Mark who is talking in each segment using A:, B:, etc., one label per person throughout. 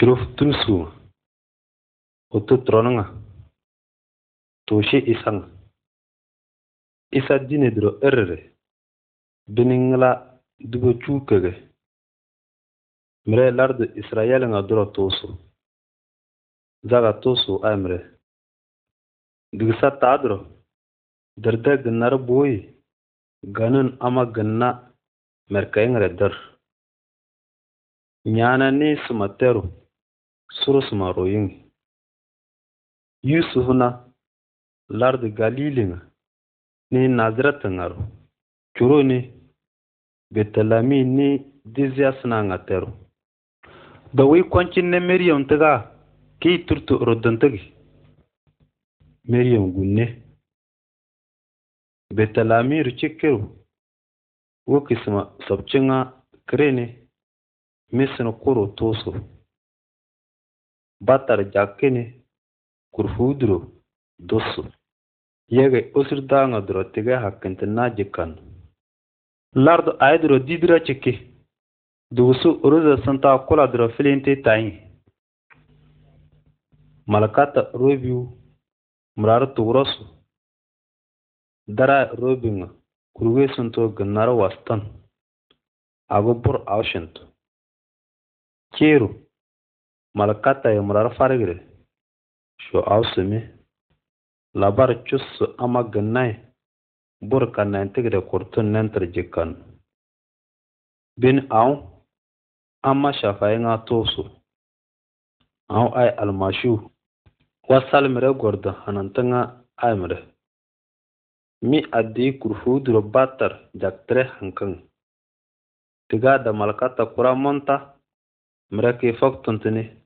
A: Kiroftin su otu tronga toshe isang isa dine dro erre biningla dugo chukege mre lardo Israel nga dro tosu zaga tosu amre
B: digsa tadro darda gnar boy ganun ama ganna
A: merkayngre dar nyana ni sumateru surus maroyin yusuf na
B: lardu Galili galilin ni nazirat ŋar curo ni betalami ni dizias na ŋater da wi kwancin ne miriam tiga ki turtu rodon tigi miriam gunne betalami rucikiru wokisma ne kirene misin kuro toso batar jakini kurfuduro dosu yege osurdanga duro tige hakkintinna jikkan lardu ayduro didira cikki dugusu uruza santa kula duro filinti tayi malkata robiu murar tugrosu dara robinga kurwe sunto ginnar
A: wastan agu aushintu keru Malkata yem rar shi co'aw simi
B: labar cussu ama gannai. burka nentigide kurtun nentir jikkan. Bin aw amma shafayiŋa tosu au ai almashu wasal mire gordo hanantiŋa ai mire. Mi adii duro batar jaktre hankiŋ. Tiga da malkata kura monta mire fok tuntini.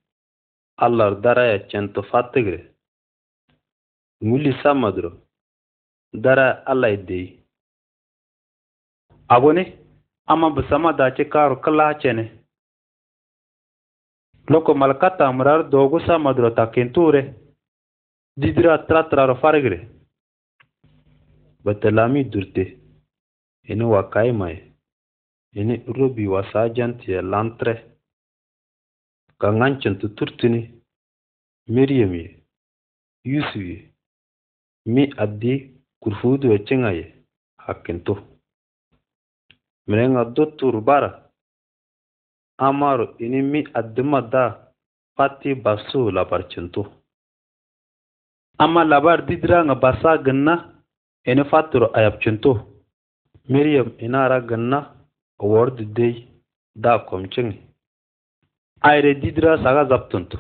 B: cento alardarayacentofátegre ngulisamadro dara alaidei abone ama basama dace karu kilacene loko malkata mirar dogu samadro takinture didira tratraro farigre batalami durte ini wakayimaye ini robi wasajantiye lantre gaŋancintu turtini miriyem ye yusuf ye mi addi kurfuduwe ciŋa ye hakintu mire-ŋa bara amaro ini mi addima da pati basu labarcintu amma labar didira-ŋa basa ginna ini faturu miriam ina ra ginna awor didey da komciŋi ayredidra saga zaptuntu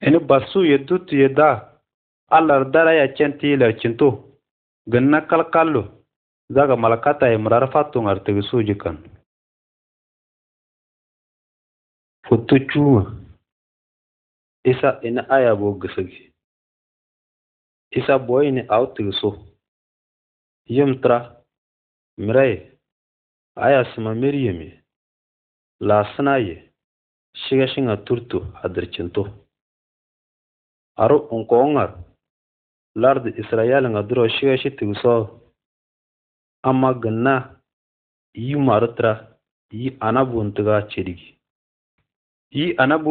B: ene basu yedut yeda alar dara ya centi la cintu ganna kalkallu zaga malakata ya murarfatun artigi sujikan
A: futu cuwa isa ina aya bo gisigi isa boy ni autigi so yim tra mirai aya sima miryemi shiga shinga turtu aro
B: aru lard israel nga duro shigashi so amma ginna yi marutra yi anabu n'tuga cedigi yi anabu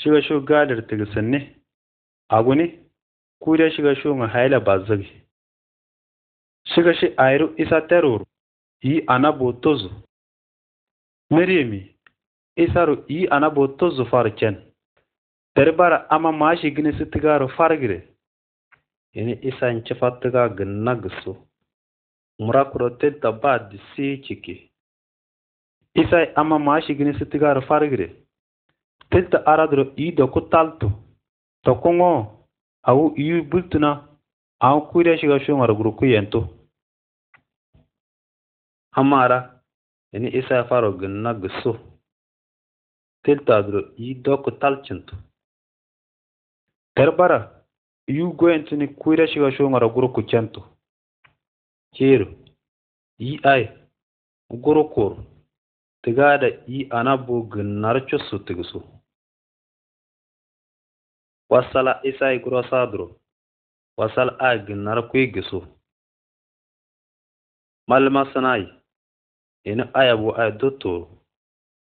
B: shiga shu gaadir tigisinni aguni kuuda haila bazagi shiga shi ayru isa teruru yi anabu tozu. Meriyemi isaru i ana botto zufar ken. Derbara ama maashi ginesi tigaru fargire. Yeni isa nchifa tiga gina gisu. Murakurote daba disi chiki. Isa ama maashi ginesi tigaru fargire. Tilta aradro i doku taltu. tokungo awu iyu bultuna awu kuire shiga shungar guruku yentu.
A: Amara ini isa faro ginna gisu tiltaduro yi doku chintu
B: terbara yu goyentini kuira shiga ngara guru kucentu chiru
A: yi ai guru koru tigada yi anabu ginnarco su tigisu wasala isai guro saduro wasal a ginnar kui gisu malma sanai ina aya bu aya doto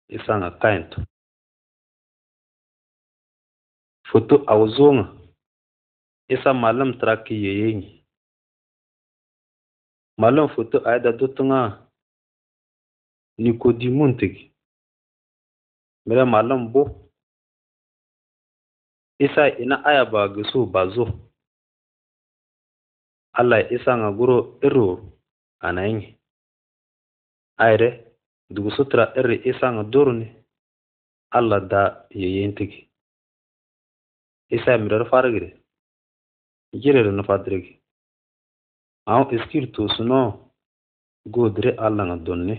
A: isanga kaintu foto awzonga isa malam traki yeyengi malam foto aya da dotonga nikodimun tigi mira malam bo isa ina aya ba gisu ba zo Allah isa nga guru iru anayin ayre dugusutra iri isaŋa durni alla da yeyentigi isa mirere farigire jirere nufadirigi aŋ iskir tuusunoo alla nga dunni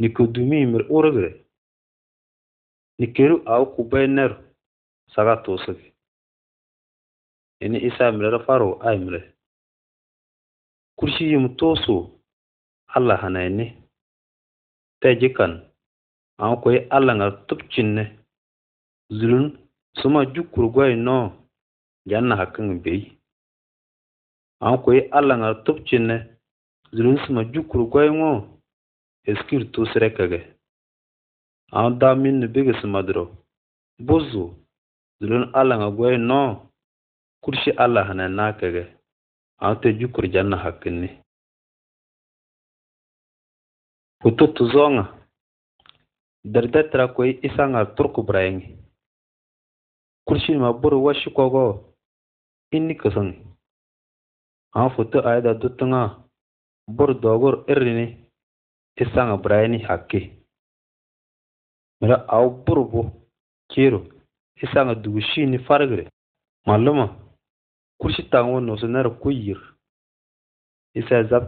A: nikodumii mir urigire nikeru au kubay neru saga tuusigi ini isa mirere faru ay mire kurshi yim tuusu Allah hanayini tejikan
B: aŋ koi alaŋa tubcinni zulun suma jukurgoi no jan naha kiŋi bei aŋ koi alaŋa tubcinni zulun suma jukurgoi ŋo eskir tusire kage aŋ daa minni bigi simaduro buzu zulun nga
A: goi no kurshi Allah hanay na kage aŋ te jukur jan naha kinni Hutu tuzoŋa dirda tira ku yi isaŋa turku birayiŋi. Kurshini ma
B: buri kogo ini kisiŋi. Aŋ futu aida dutunga tiŋa buri doogur irini isaŋa birayini hakki Miri au buru bu isa isaŋa dugu ni farigire maluma kurshi taŋa wu nuɣusinari kuyir yir isai zab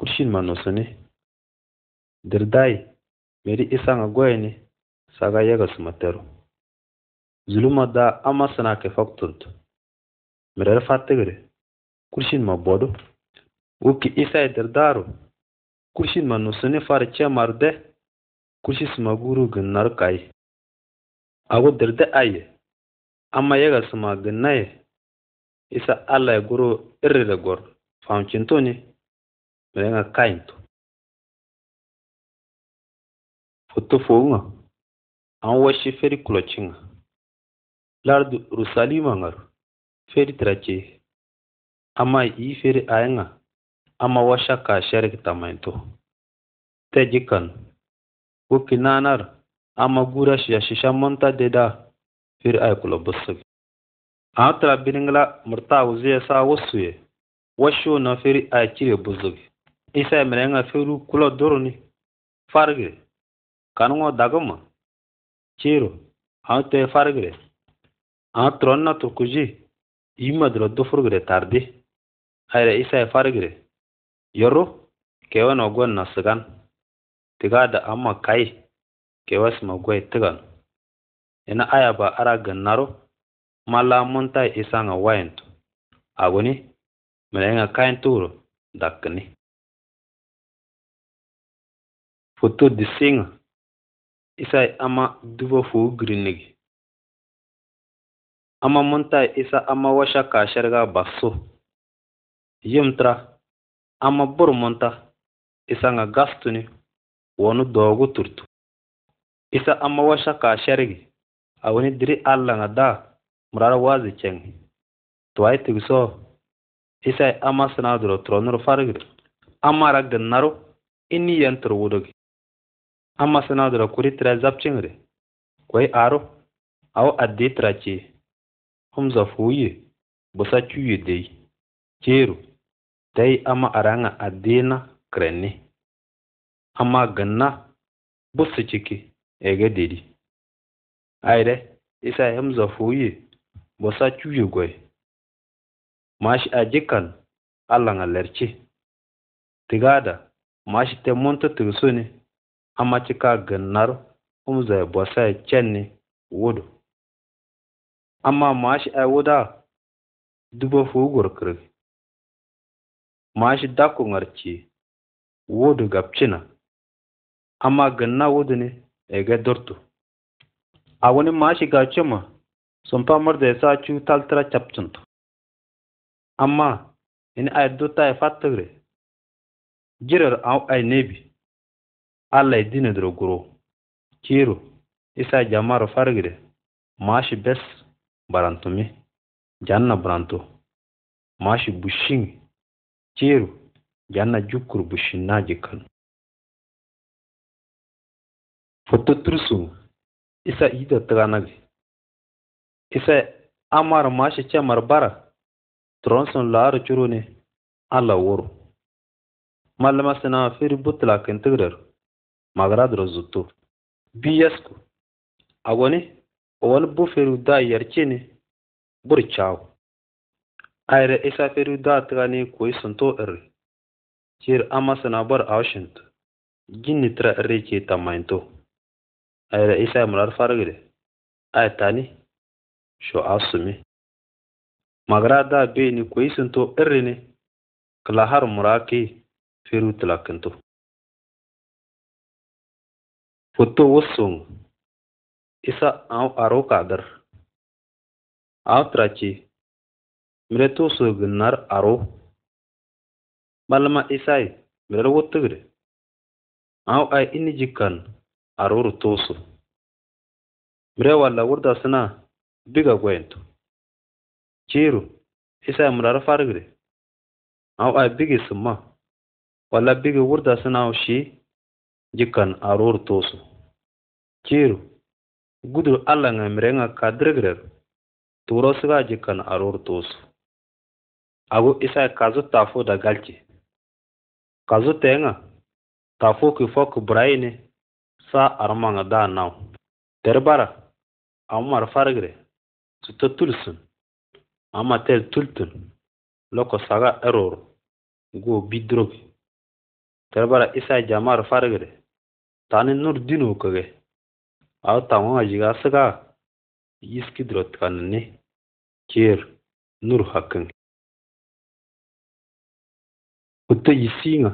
B: kushin ma ne dirdai meri goye ne saga yegesu materu zuluma da amasəna kefak tunt merere fattigire kushin ma bodu isa isai dirdaru kushin ma ne far cemar de kushi suma guru gənnar kai. agu dirde aye amma yegesu ma gənnaye isa allaye guru da
A: gor famcintoni Ven acá, então. Fotofonga, an washi feri kulocinga. Lardu Rusalima ngaru, feri trace. Ama
B: i feri ayenga, ama washa ka sherik tamainto. Te jikan, wuki nanar, ama gura ya shisha monta deda, feri ay kulo busuk. An tra biringla murta wuziya sa wasuye, washo na feri ay cire busuk. Isa mrenga suru kulo duruni fargire kanungo dagoma chiro a tronna fargire kuji ima dro do dufurgire tardi aire isa fargire kewa kewan ogon na sigan tiga da amma kai sma magwai tigan ina aya ba
A: ara gannaro mala monta isa nga wayantu agoni mrenga kain turo dakkani Foto diseŋa isa ama dubo ama
B: Amamụntai isa ama washa ka a shɛriga baŋsu yim tira ama isa nga gastuni wonu dogu turtu. Isa ama washa ka a shɛrigi alla diri da murara wazi cheng to ay tigso isai ama sanadro duro farigri ama amara ginnaru ini yɛn da kuri tira re kwai aro au adde tira cee humza fuuye busa cuyi dai ceeru dai ama araŋa na krenne ama ganna busi ciki ege dedi ayre isai humza fuuye busa cuyi gwai mashi ajikan allah lerci tigada mashi te monta tigisone amachika gannar umza bosa chenni wudu
A: amma mashi ai wuda dubo fugur kirg mashi dakku ngarci wudu gabcina
B: amma ganna wudu ne ege durtu awuni mashi gacima sun famar da ya sa cu taltara capcinta
A: amma in ai duta ya fattigre jirar au ai nebi
B: alla e dina duro guro kiiru isa jammaro farigide maashi bes barantumi janna burantu maashi bushiŋ
A: kiiru janna jukkur bushinna jikkan fottotursuŋ isa ida tiganagi
B: isa amar maashi cemar bara turonsun laaro curuni alla wuru mallama sinaa firi butlakin tigiraru magra-drozutu biyasku agoni owol bu feruda buri burcaw ayre isa da tigani koi santo irri cir ama sinabar awshint ginni tira irri ce tamayinto ayre isa murar fargide ay tani
A: sho asumi magra-da beni koi sunto irri ne har muraki feru tilakinto wusung isa aw aro kadar awtraci miretu gennar aro malama isai mirar wutugre aw ai jikan aro rutusu mire wala wurda sana
B: biga gwentu ciru isai mirar fargre aw ai bigi summa wala bigi wurda sina shi jikan aro rutusu ciru gudu allah nga mirenga kadrigrer turosiga jikan aror tosu agu isa kazu tafu da galci kazu tenga tafu ki foku braine sa armanga da naw terbara amar fargre tuta tulsun ama tel tultun loko saga error go bidrogi terbara isa jamar fargre
A: tani nur dinu kage abatangw'amagigi yisgidirotganini ker nurhakking guto yisiŋa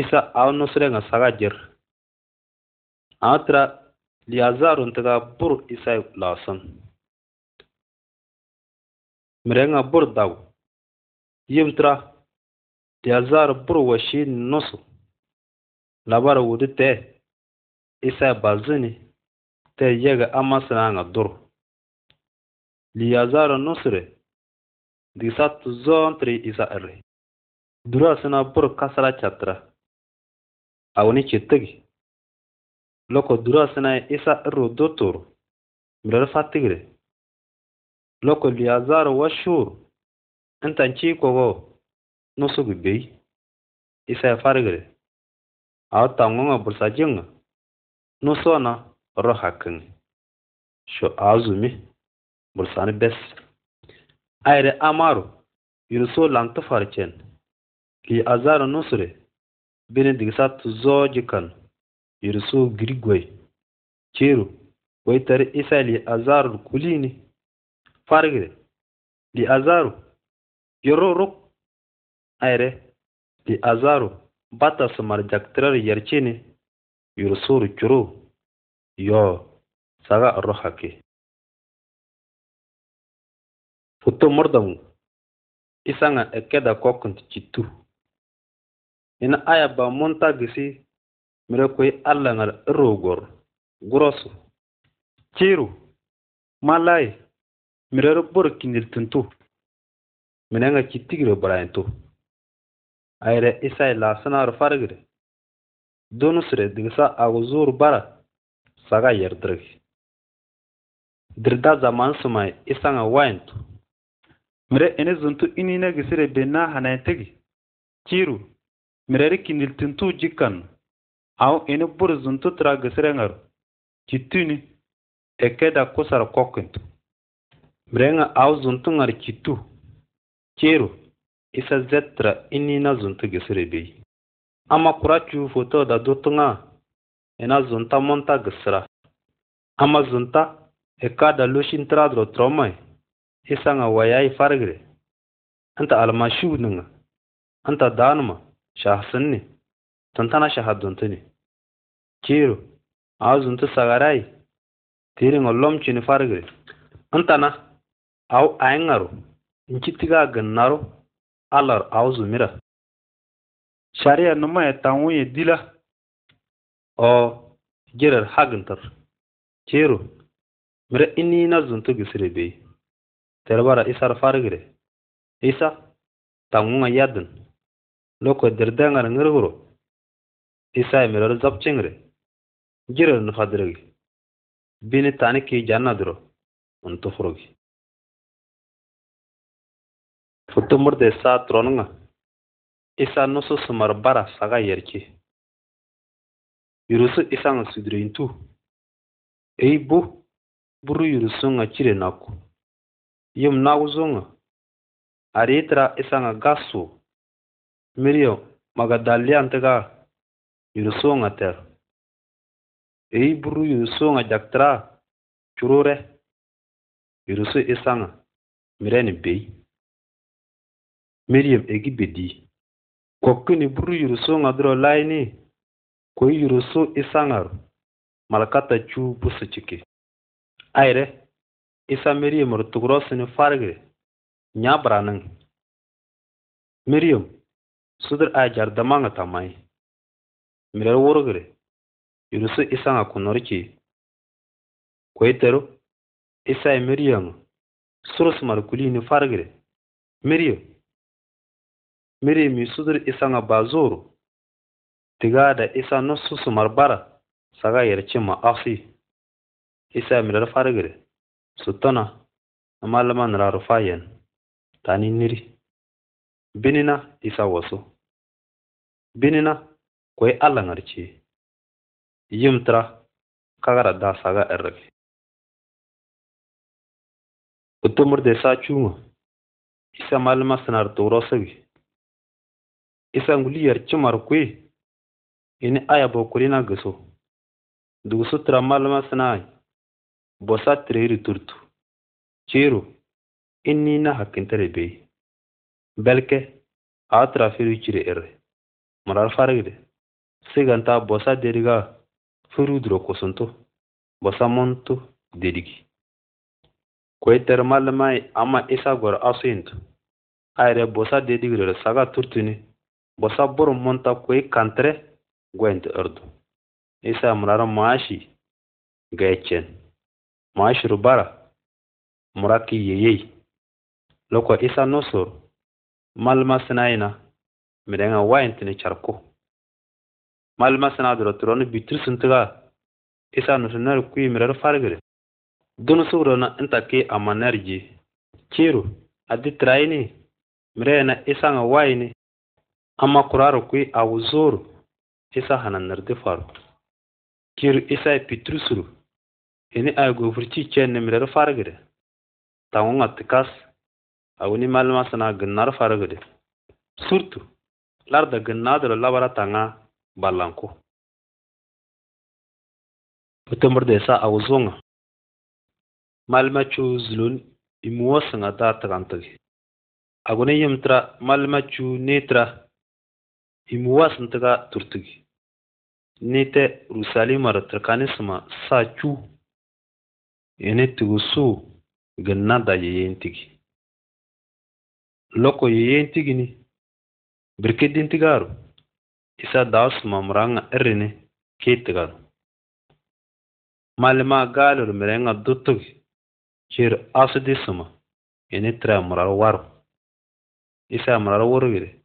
A: isa au nusreŋa sagajir aa tira liyazarun tiga bur isai laasin mireŋa bur dau yim tira liyazar bur washiin nusu labara
B: wudu tee isa balzini te yega nga dur liyazara nusre disa tuzon tri isa erre dura sina bur kasara chatra awuni chitigi loko dura sina isa erru dotur mirar fatigre loko liyazara washur intan chi kogo nusugi bei isa fargre aw tangonga bursa jinga Nusona rohakan sho azumi bursani bes ayre amaru yunso langta farcen ki azar nusre bini digsa tuzoji kan yunso girigwai ciru wai tare isa kulini fargire li azaru yororo ayre li azaru bata sumar jaktirar
A: yursuru kiro yo saga arroha ke futo mordamu isanga ekeda kokunt citu ina aya ba monta gisi
B: mire koy alla ngal rogor grosso ciru malay mire ro bor kinil tuntu mine nga ci tigre ayre isay la sanar fargre dũnusre digsa agu zuur bara saga yerdirg. Dirda zaman sumay isaŋa wayantu. Mire ini zuntu inina gisire benna hanayntigi. Chiru, mireri kindiltintu jikkan. Aw ini bur zuntu tira gisire ngar. ekeda eke da kusar kokintu. Mirenga aw zuntu ngar chittu. Chiru, isa zetra inina zuntu gisire beyi. ama kura chu foto da dutunga ena zunta monta gisra ama zunta eka da lushin tra dro isa nga wayayi fargre anta almashu nunga anta danma shahsanni tantana shahaduntuni kiro azunta sagarai tirin ollom chini anta na au aingaru inchitiga gannaro
A: alar zumira. Shari'a na ya e tangu ya e dila o jirar hagintar cero mire ini
B: na zuntu gisire be terbara isar fargire isa tangu nga yadin loko e dirdangar ngirguro isa ya mirar
A: zapcingire jirar nufadirgi bini tani ki janna duro untu furugi futumurde sa tronunga isa nusu sumar bara saga yerki. Yurusu isa nga sudireyin tu. Ey bu, buru yurusu
B: nga chire naku. Yum naguzo nga. Aritra isa nga gasu. Miriyo, magadalian tega yurusu nga
A: ter. Ey buru yurusu nga jaktara churure. Yurusu isa nga mireni bey. Miriam egi bedi. Kokkin bur yurso ŋaduro layni koi
B: yurso i saŋar malkata cuu busu ciki Aire, isa Miriam ru tuguro sini farigire nya buraniŋ
A: Miriam sudur aya jar damaŋa tamay mirer wurigire yurso i saŋa kunor ci koi teru
B: isai Miriam surus mar kulini farigire Miriam mire mi sudur nga bazuru tiga da isa no susu bara saga cima aksi isa dar fargire sutona amalama niraru fayen tani niri
A: binina isa wasu binina kwai ngarci yimtra kagara da saga errafi utumur de sa chunga isa malama sinar turo
B: sagi isa nguli yarci markwe ini aya bokuri na giso dugusu tira malama sinai bosa tiriri turtu ciro inni na hakkintare bai belke a tira firu cire de murar farigide siganta bosa deriga firu duro kusunto bosa montu dedigi koyitere malamai ama isa gor asuyintu ayre bosa dedigirere saga ni. bosabur monta koy kantre gwent urdu isa murara maashi gaecen maashir bara muraki yeyey loko isa nosor malma sinaina mirenga wayentini charko
A: malma sina duro
B: turonu bitir sintiga isa nusunar kui mirar fargire dun sugro na inta ke amanar ji ciro adi traini mirena isa nga wayini Amma kuraro kui awu zoro isa hananar di faru. Kir isa e pitrusuru. Ini ay gofurci ken nemirar fargide. Tangun a wani malama sana ginnar fargide.
A: Surtu. Larda ginnadalo labara nga ballanko. Utumur da isa awu zonga. malama cu zulun imuwa sanga da tagantagi. Aguni yamtara
B: malama cu netra himuwaasintaka turtigi nite rusalima ratrakanisma sacu initigu su ginnada yeyentigi loko yeyentigini birkidintigaru isa daasuma muraŋa irini kiitigaru malima gaalur merenga dutugi cir asudisuma ini tira murar waru isa murar wurugire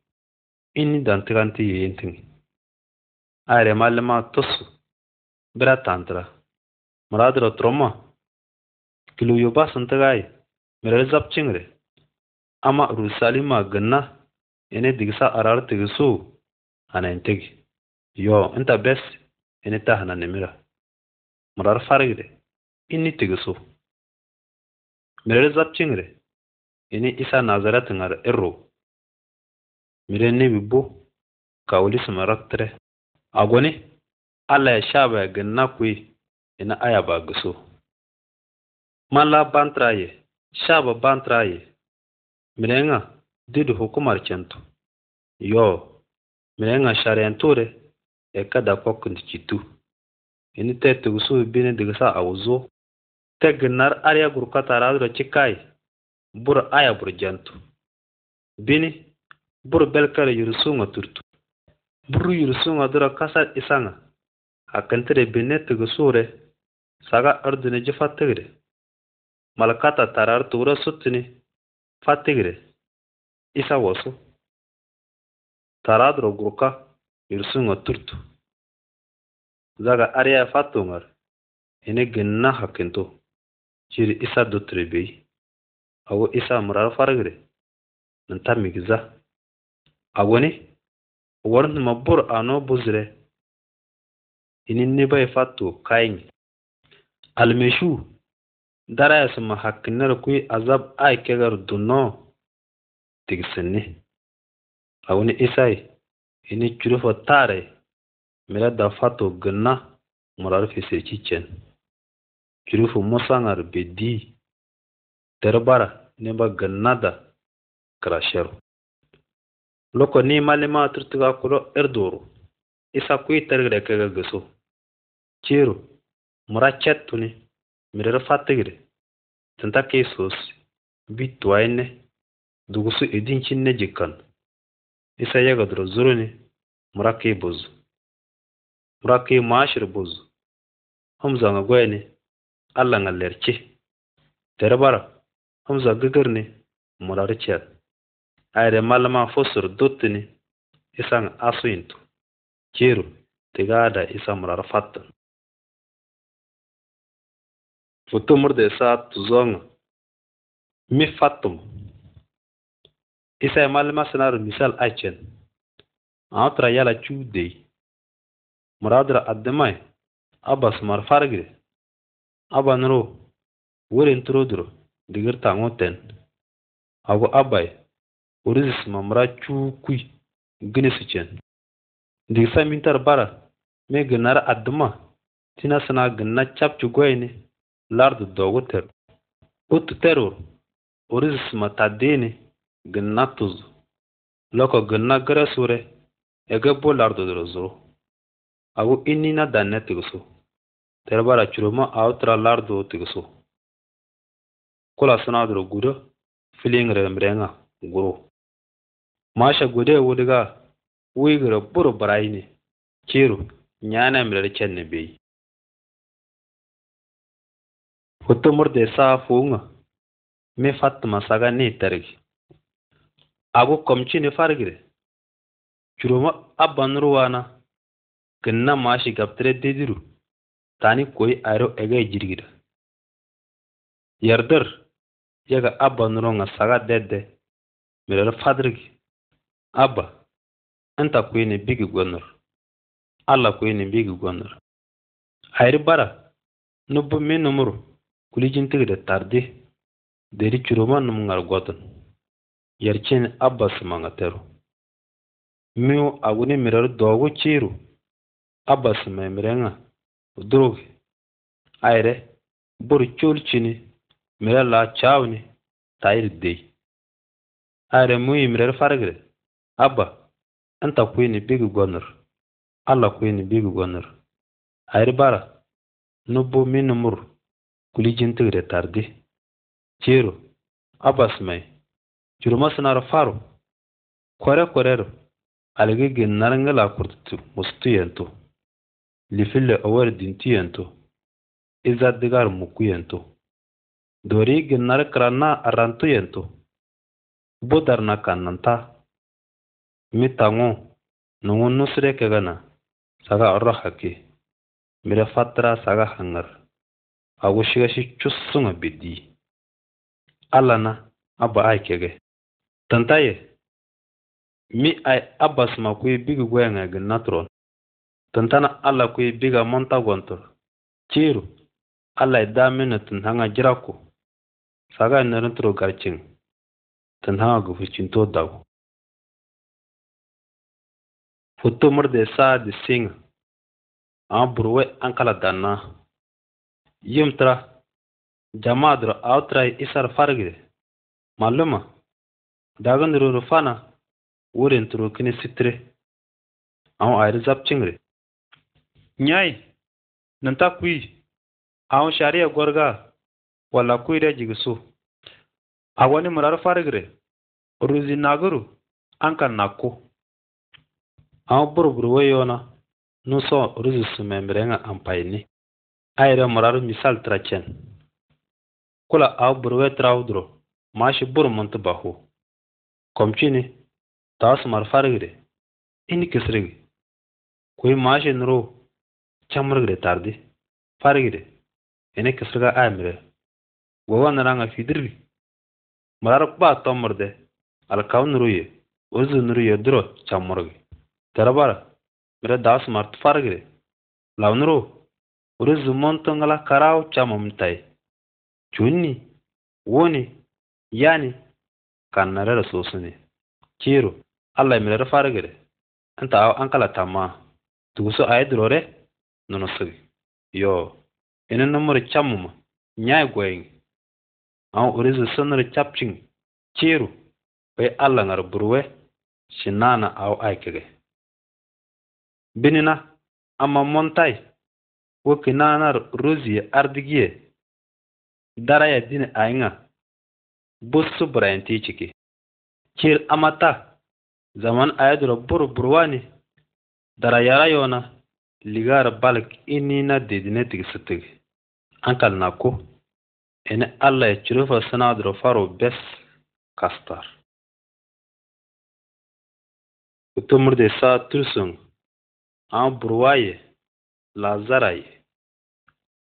B: ini dantiganti yeyintiŋi ayere mallima tusu bira tantira muradiro turoma kiluyu basintigayi mireri zabciŋri ama rusalima ginna ini digisa arar tigisu anayintigi yo inta bes ini ta hananimira murar farigire ini tigisu mireri zabciŋri ini isa nazaretiŋar irru mirenne bibbo kawuli sima raktre agoni allah ya ba ya ganna kuyi ina aya ba guso malla ba shaba ye mirenga didu hukumar cento yo mirenga shariyanture e kada kokkundi citu ini tete gusu bine a awuzo te ginnar arya gurkata radura cikai bur aya bur jantu bini bur belkala yursunga turtu bur yursunga dura kasar isanga hakantire binetiga sure saga ardine ji fattigire
A: malkata tarar tura suttini fattigire isa wasu taradro gurka yursunga turtu zaga arya fatungar ini ginna hakinto jiri
B: isa dutire bey awo isa murar fargire nan ta migza agoni wornuma bur ano buzire ne bay fato kayni almeshu darayasima hakinar kuy azab ay kegar dunno tigisinni isai isai ini curufo tare mire da fattu ginna murar fisircicen curufu bedi darbara ne ba ginna da kirasheru loko ni malima turtuga kulo erduru isa kuyi targre kaga gusu ciru murachat tuni mirer fatigre tanta kesos bitwaine dugusu jikan. jikkan isa yagadro zuruni muraki buzu muraki mashir buzu humza Allah goyni alla nga lerci terbara humza gigirni ayremalma
A: fosur duttini isaŋ asuyintu ciru tigaada isamurar fattun futumurde saa tuzoŋa mi fattum isay malma sinaru
B: misal acen aŋ tira yala cuudey muradira addimay abas sumar fargire abba wurin turuduro digir ten agu abbay orizis mamra cukui gini Di digsa mintar bara me ginar aduma tina sina gina capci goyni lardu dogu ter Ut terur orizis ma tadini gina tuzu loko gina gere sure ege bo lardu doro zuru agu inina danne tigsu Terbara bara curuma awu tira lardu tigsu kula sina doro feeling filiŋrem reŋa guru Masha gode wudiga wigira buru burai ne, kiro,
A: nyana milar kyan na beyi. Hutumur da murde sa funa, me Fatima saga ne targi. Agu komci ne
B: fargire, kiro abban ruwa na gina mashi gabtare diru, tani koyi aro ega jirgida. Yardar, yaga abban ruwa saga dede, milar fadirgi. Abba, anta kwene bigi gonor. Alla kwene bigi gonor. Ayri bara, nubbu me numur, kulijin tigde tardi, deri churuma numungar godun. Yerchen Abba sumangateru. Miu aguni miraru dogu chiru. Abba sumay mirenga, udrugi. Ayre, buri chul chini, mira la chawni, tayir dey. Ayre mu imrer fargre. Abba, anta kwini bigi gonir, alla kwini bigi gonir. Ayri bara, nubbu mini mur, kulijintigire tardi. Ciro, abba simai, juruma sinar faru, kore koreru, aligi ginnaringi la kurtitu mustu yentu. Lifille awar dinti yentu, izardigar muku yentu. Dori ginnar kiranna arrantu yentu. Bu na kannanta. mi taŋu nuŋu nusre kegana saga orro haki mire fatara saga haŋar agu shigashi cusuŋa bedi alana aba ai kege tantaye mi ai abasma kuyi bigi gweŋa gi naturon tantana ala kuyi biga monta gontor ciru ala i damina tun haŋa jiraku
A: saga i nerinturo garciŋ tun haŋa gufucinto dagu Foto mir de saa di seŋ a burwe an wei danna. Yim tira jamaadiri a
B: ni tira isari malluma fana wurin kini sitre a ni zap zab Nyai nin ta kui a shariya gorga wala kuire jigiso. A wani murar farigire ruzi nagiru an kan na ko. an burbur yona nuso ruzu su memrenga ampaini aire murar misal trachen kula a burwe traudro mashi bur muntu bahu komchini tas mar fargre ini kisrig kuy mashi nro chamrgre tardi fargre ene kisriga amre gowa naranga fidirri murar ba tomurde alkaw nuruye ozu nuruye duro chamrgre Tera bara bira daas mart fargre lawnuro uri zumontongla karaw chamamtai chunni wuni, yani kannarera sosune kiro allah mirera fargre anta aw ankala tamma tuguso aydrore nonosigi yo ina numur chamuma nyai goying an uri zusunur chapching kiro bai allah ngar burwe shinana aw aikige binina montai wo kinanar rozie ardigie daraya dine ainga busu burayanti ciki kir amata zaman ayadura buru burwani dara yara yona ligar balk inina dedine tigisitigi ankal na ku ini allah ya
A: cirufa sanadar faro bes kastar kutumurde sa tursun a burwaye
B: lazaraye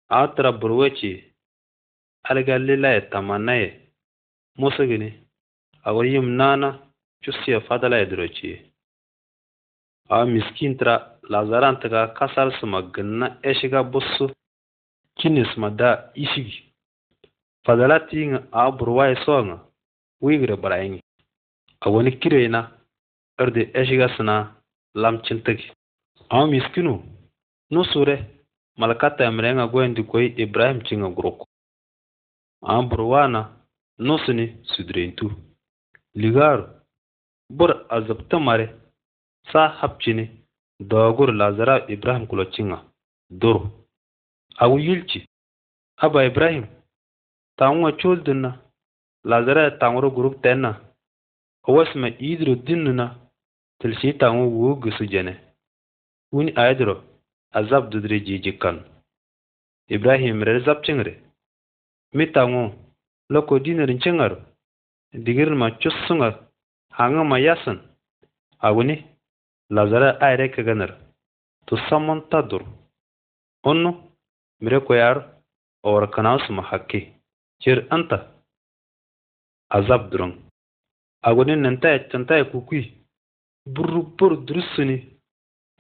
B: a tara burwace algalilaye tamanaye musugini awar yim nana cusiya fadalaye duroce a miskin tara lazaran taga kasar su maganna ya shiga busu kinis da ishigi fadalati nga a burwaye songa wigira barayin a wani kirena erde ya shiga suna lamcin take aw miskinu nusure malkata mrenga gwendi koi ibrahim cinga grok aw burwana nusini sudrentu ligaru bur azabta mare sa hapcini dogur lazara ibrahim kulo cinga duru awu yilci aba ibrahim taŋuŋa col dinna lazara ya taŋuro gurub tenna owasima idiro dinna tilshi taŋu wuo gisu jene Uni ayadro azab dudre jijikan. Ibrahim re zab chingre. Mitangu loko dinarin chingar. Digir ma chusunga Hanga ma yasan. Aguni lazara ayre kaganar. Tu saman tadur. Mere mire koyar or kanaus ma hakki. Chir anta. Azab durung. Aguni nanta ya chanta kukui. Burru drusuni.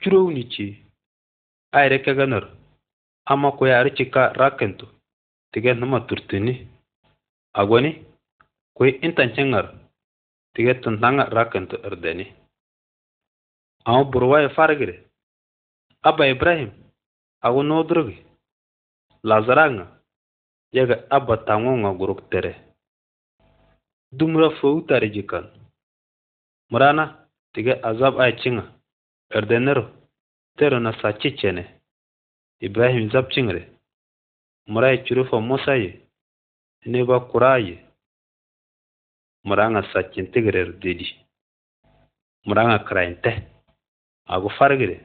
B: curownici airekegenor ama kuyarichika rakkentu tiget numa turtini agoni kwi intancengar tiget tintanga rakkentu irdeni Ama burwaye fargire aba ibrahim agu nodurgi lazaranga yaga aba tangonga guruk tere dumra fowu tarijikan murana tige azab ay cinga erdenero tero na sachichene ibrahim zabcingre murai e curufo mosaye neba kuraye muranga sachin tigrer dedi muranga krainte e agu fargre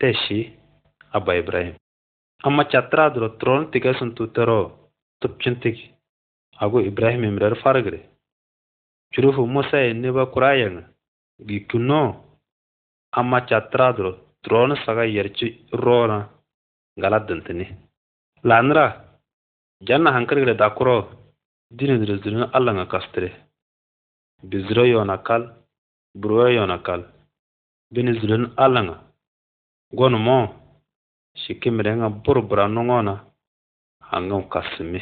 B: teshi abba ibrahim amma chatra dro tron tigasun tu tero tupchintik agu ibrahim imrer e fargre curufu mosaye neba kurayanga gi gikuno. amma chatraaduro drona saga yerchi rona galaddantini lanira janna hankirgire dakuro dinidire zirino allah nga kastire biziro yona kal burwe yona kal bini zirin allah nga gonu mo
A: shikimire nga bur bura nungona hangam kasimi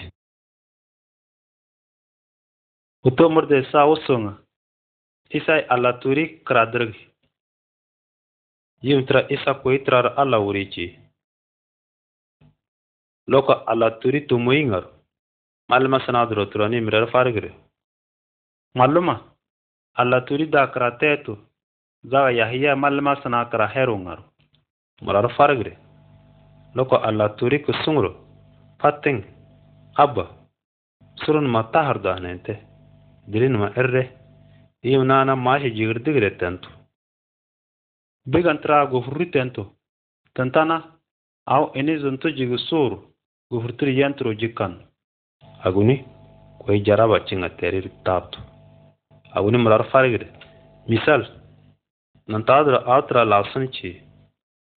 A: murde, sa usonga isai alaturi
B: kradirgi yimtira isaku yitirar ala wurici loko ala turi tumoyingar malma sanaduro turani mirar fargire Maluma, ala turi dakra tetu zaga yahya malma sana kra herungar marar fargre loko ala turi kusungro fatting abba surun matta hardane te dilin ma erre iunana mashi jigirdigre tentu Bigantra gofurritento tantana au enizonto jigisuru gofurtir yentro jikan aguni koy jaraba cinga terir taptu aguni mular farigde misal nantadra atra lasun ci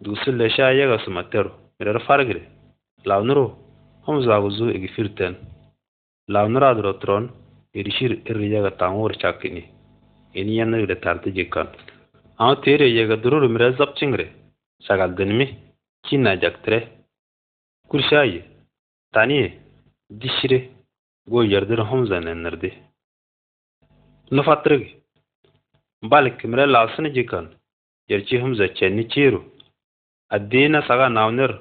B: dusul le sha yaga sumatero mirar farigde launuro hom zaguzu egifirten launura drotron irishir irri yaga tangur chakini ini yanna yude tarti jikan Ama tere yega dururum biraz zapçingre. Sakal dönümü kinacaktire. Kurşayı. Taniye. Dişire. Goy yardır homzan enirdi. Nufattırık. Balik kimre lasını cikan. Yerçi homza çenni çiru. Addina saga navnir.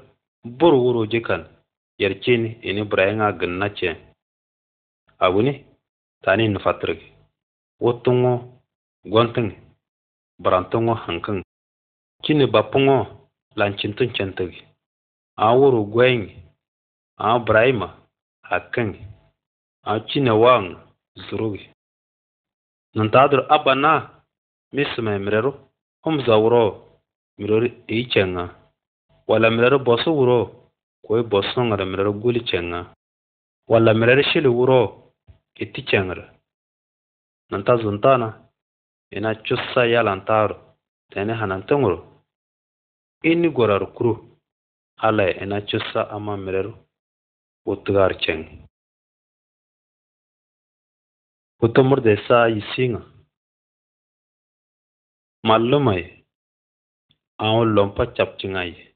B: Bur vuru cikan. Yerçin ini burayına gınna çen. Abuni. Tani nufattırık. Ottungu. Gontungu. barantongo hankang chini bapungo lanchintun chantagi a wuru gweng a braima hakang a chini wang zurugi nantadur abana misme mireru humza wuro mireru eichenga wala mireru bosu wuro koi bosongara mireru guli chenga wala mireru shili wuro iti chengra nanta na. ina cussa yalantaro tene tunguru ini gorar kuru.
A: ala ina cussa ama mireru wutugar ceng hutumur desa yisinga mallumai awon lompa capcingai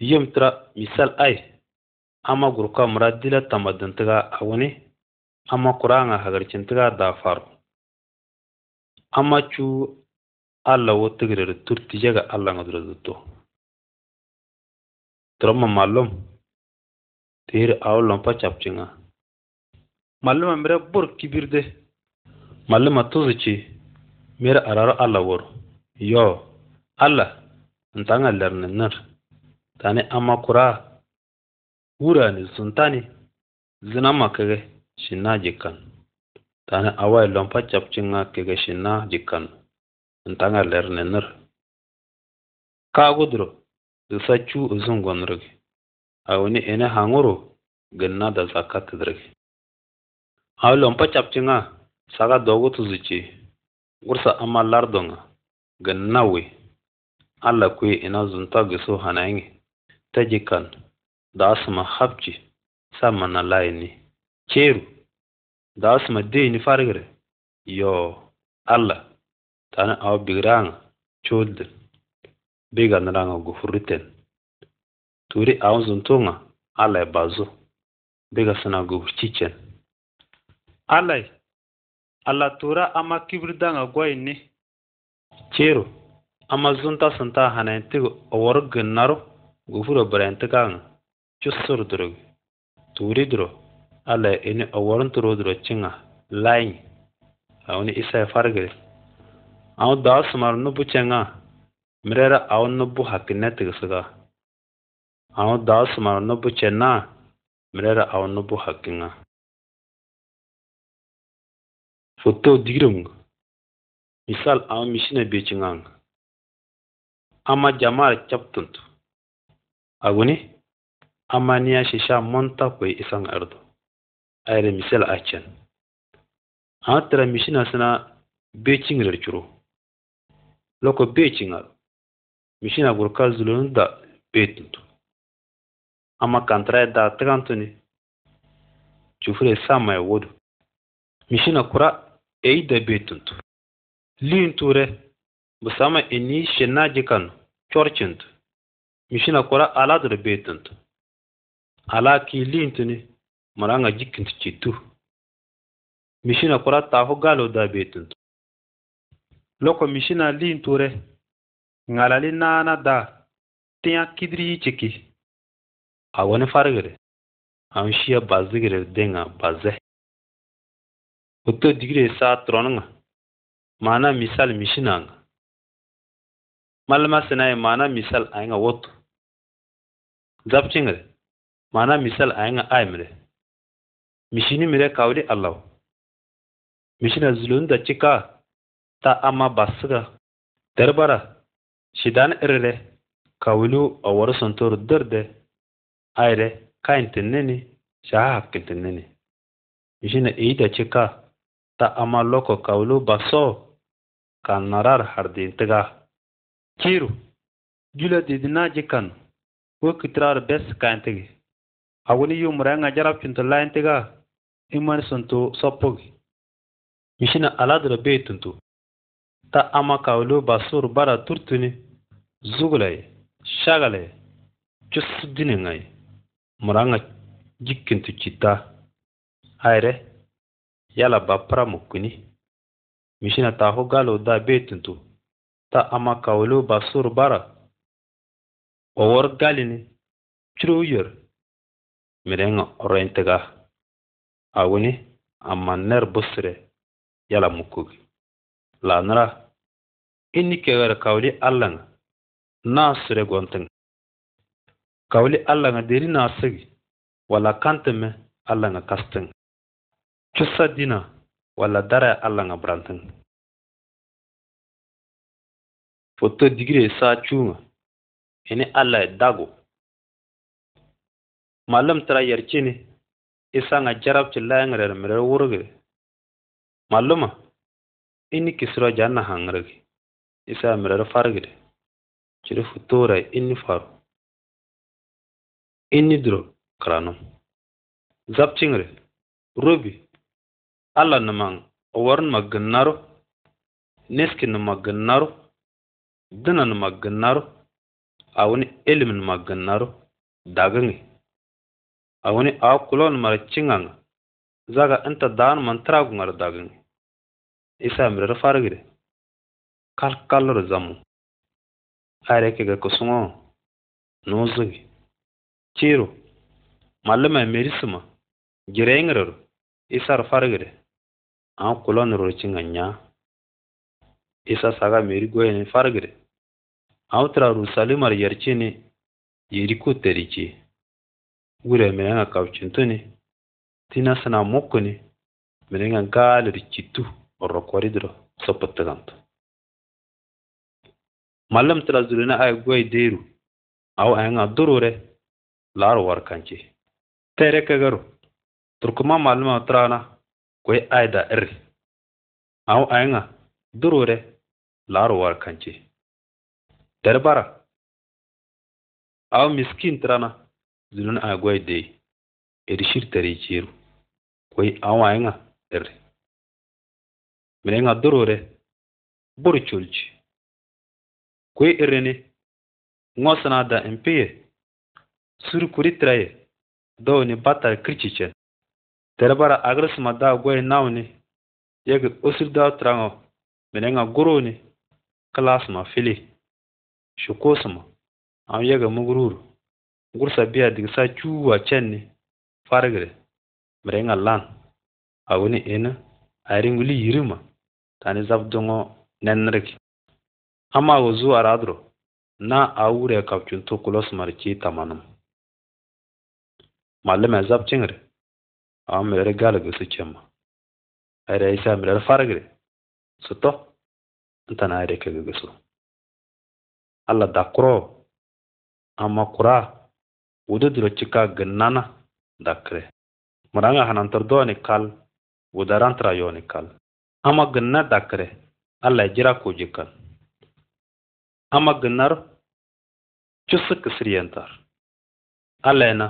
B: yim tra misal ai ama gurka mura dila a awuni ama kuranga hagarcintiga dafaru amachu alla wo tigirere turtijega allanga dura dutto tromma mallum tiri awlon pa capcinga malluma mire bur kibirde malluma tuzuci mire araro alla wor yo alla ntanga lerne nir tani ama kura wura ni suntani zinama kage, shinna jikkan tani awai lompa chapchinga kegeshinna jikan ntanga dusa kagudro uzun uzungonrig awni ene hanguru genna da zakatdrig aw lompa chapchinga saga dogutu zichi gursa amallardonga genna wi alla kwi ina zunta gisu hanayngi jikan da asma habchi samana layni cheru daas ma deeni fargre yo alla tani aw bigraŋa codde bigan raŋa gofuriten turi aw zuntuŋa allai bazu biga sina gofur cicen ala tura ama kibir gwai goyinni ciro ama zunta sinta hanayintigo owor ginnaru gofuro birayintikaŋa cussur durogi turi duro ala ini a warin turo duro cinga lain a wani isa fargare aw da smar nubu cenga mirera aw nubu hakine tigsiga
A: aw da smar nubu cenna mirera aw nubu hakinga foto digirum misal aw mishina becingang ama jamar chaptunt
B: aguni amaniya shisha monta kwe isang ardo ayre misel achen a tara mishina sina becing rer curo loko becing al mishina gur kal zulun da betuntu ama kantra da tagantuni chufre sama ya wodu mishina kura eyi da betuntu lin ture busama eni shena jikan corcintu mishina kura ala da betuntu ala ki tuni. maranga jikintu citu mishina kura tahu galo da betintu loko mishina linture ŋalali naana da tiya
A: kidiri ciki awani farigire an shiya bazigire denga baze uto digire sa tronga mana misal mishina mishinanga malma sinai mana misal ainga wotu zapcingire mana misal ainga aimre. mishini mire kawri alaw mishina da chika
B: ta ama basga derbara shidan irre kawilu awar suntur dirde ayre kaintinnini shaha hakkintinnini mishina da chika ta ama loko kawilu baso kan narar hardintiga kiru jula didina jikan wo kitrar bes kaintigi awuni yumra nga jarab cuntulayintiga imarsanto soppogi mishina aladra betuntu ta ama kawlo basur bara turtuni zugulay shagalay cusudiningay muranga jikkintu citta hayre yala bappara kuni mishina taho galo da betuntu ta ama kawlo basur bara wawar galini curo yor mirenga awini amma ner busre yala mukugi lanra ini kegar kawli allanga nasire gontin kawli allanga deri sigi wala kanteme allanga kastin
A: chusa dina wala dara allanga branteng foto digre sa cunga ini allah dago malam tara yarchini a
B: jarab cillayiŋirer mirer wurgi malluma ini kisiro janna
A: haŋirigi isa mirer fargide ciri futturay ini faru ini duro kiranum zabciŋire robi alla nimaŋ owar nima ginnaru
B: neski nima ginnaru dina nima ginnaru awuni ilim nima ginnaru dagangi. awani a kulon mara cinganga zaga inta daan man tragu ngar dagin isa mirar fargire
A: kal kalor zamu are ga kusungo nuzugi ciro mallama merisuma girengrar
B: isar fargire an kulon rorcinganya isa saga meri goyen fargire autra rusalimar yarcini yeri ku terici wurɛ mene ŋa kabcintu ni tina sẽn na ni mene ŋa gaalr kitu d rɔkɔrɩdrɔ sopo tɩgãmtɔ
A: mallem tɩ la zuro ne aya goɛ deeru aw ãyẽŋa dorore la ar war kãnce tɛɛrɛ kɛgɛro turkuma mallema tɩraana goe ayda ɩrri aw ãyẽŋa dorore la ar war kãnce dɛrbara aw miskin na zulun agwai de tare tari chiru koi awainga er menenga dorore bor chulchi koi erene ngosana da empeye suru kuri tare do ni batar krichichen
B: terbara ma da agwai nauni yeg osir da trango menenga guruni ma fili ma an yaga muguru. gursa biya dig sa chen ni fargre mrenga lan awuni ena aring wili yirima tani zab dongo nenrik ama ozu aradro na awure kapchun to kulos
A: marchi tamanum malama zab chingre amere galgo su chema ayre isa mere fargre suto ntana ayre kego alla dakro ama kura wududiro chika gnana dakre maranga
B: hanantar doni kal wudarantra yoni kal ama gna dakre alla jira kujikal ama gnar chusu kisriyentar alena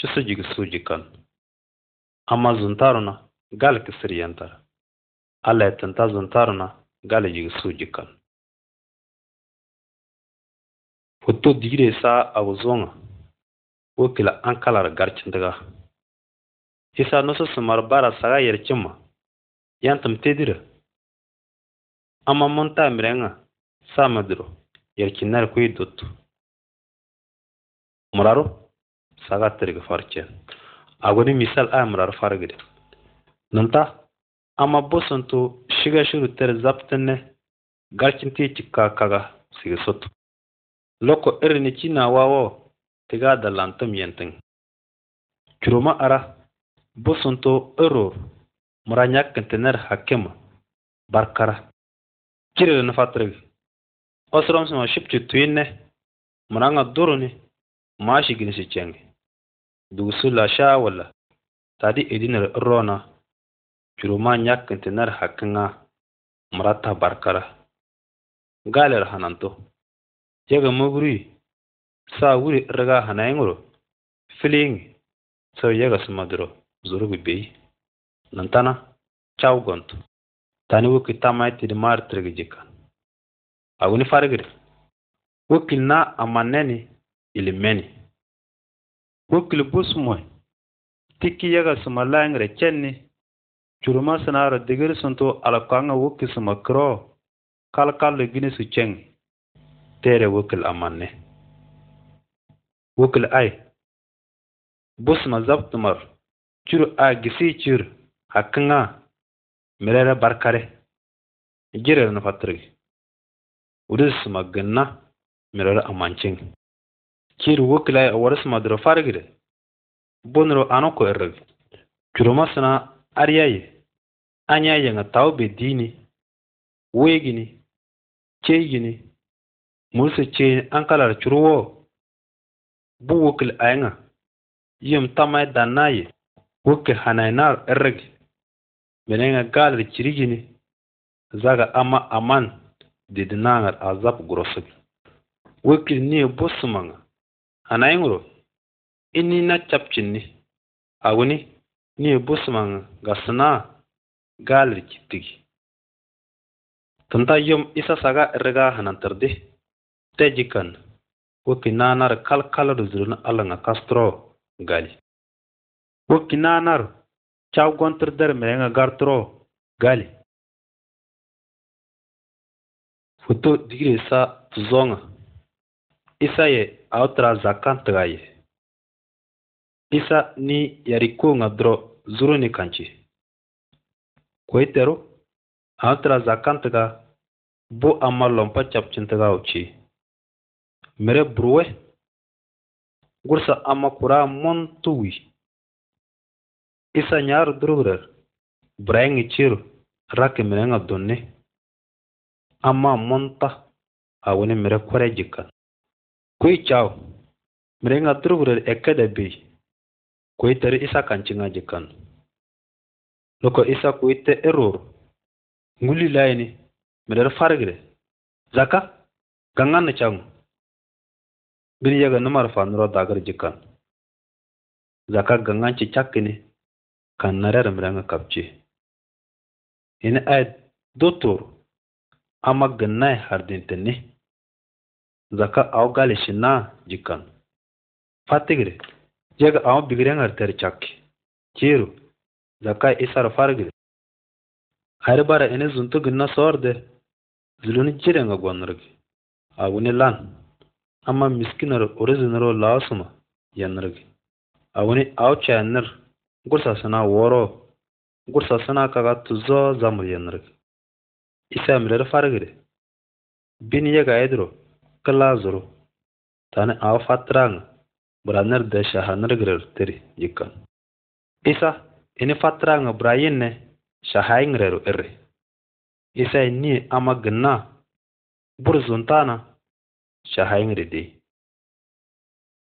B: chusu jigisujikan ama
A: zuntaruna gal kisriyentar alla tinta zuntaruna gal jigisujikan Foto dire sa awuzonga. wo kila an kalara garcindiga hisa nusu
B: sumar bara saga yercinma yantum tedira amma mun ta mirenga samadiro yercinar kuyi dutu. Muraru! saga tirga farcen agoni misal a fara fargide nanta amma bosanto shiga shiru ter zaptinne garcinti cikka kaga sigi sotu loko irini cina wawo tiga da lantum yentin curoma ara busunto error muranyak kentener hakim barkara kiril nafatrigi osrom sima shipci tuyinne muranga duruni maashi si cengi dugusu la sha wala tadi edinar errona curoma nyak kentener hakinga murata barkara galer hananto yaga mugri sa wuri riga hanayenguro filingi so yegas maduro bi beyi lantana chau gontu tani wukki tamay tidi mar tirgi jikka aguni farigiri wukkil na amaneni ili meni wukkil busmoy tikki yegas malayengre chenni churuma sinaro digir suntu alakanga wukki kal kal kalkallo gini su chengi tere wukil amanne wokl ay busma zabtumar cur a gisi cir hakkŋa mirera barkare jirer nufatrig udusma ginna mirera amanchiŋ cir wokl ay ma duro farigide bunro anoko irrig curoma sina aryayi anya yaŋa taw be wegini cheyini ceygini mursa an kalar curwo bu wokil ayŋa yim tamay e danna wokil wokl hanainar erg meneŋa galar cirigini zaga ama aman didinaŋar azab gurosg wokil nie bo sumaŋa hanaiŋro ini na chapchinni awuni nie bo sumaŋa gasinaa galar cittigi tənta yom isa saga erga hanantirdi tejikan wokinaanar kalkalr
A: zurun alaŋa kastro gali wokinaanar cawgontr nga gartro gali
B: foto digire sa tuzonga. isa ye aw tra zakan tga ye isa ni nga dro zuruni kanci koyiteru aw tra zakan tga bu amma lompa capcintga uci mere buruwe gursa amma kura montuwi isa nyaaru durugrer burayiŋi Rake mere nga dunni amma monta awuni mire kore jikkan kui caw mireŋa durugrer ekkede bei kui teri isa nga jikan.
A: loko isa kui te erur nguli layini Mere farigire zaka gaŋanni caŋu birjaga numar
B: nuro dagar jikan zaka ganganci cakkini kan narerim ranga kapci ini ay dotor ama gannay hardintini zaka aw na jikan fatigri yaga aw bigrengar ter cakki ciru zaka isar Harbara har bara ini zuntu ginna soorde zuluni cirenga gonurgi awuni lan Amma miskinar original lasuma A wani awcha yanar gursasana woro gursasana kaga tuzo zamur yanargi isa mirar fargire bin yaga yadro kala zuru tani aw fatrang buranar da shahanar girar tiri yikkan isa ini fatrang burayin ne shahayin rero irre isa ni ama gna
A: burzuntana shahangrede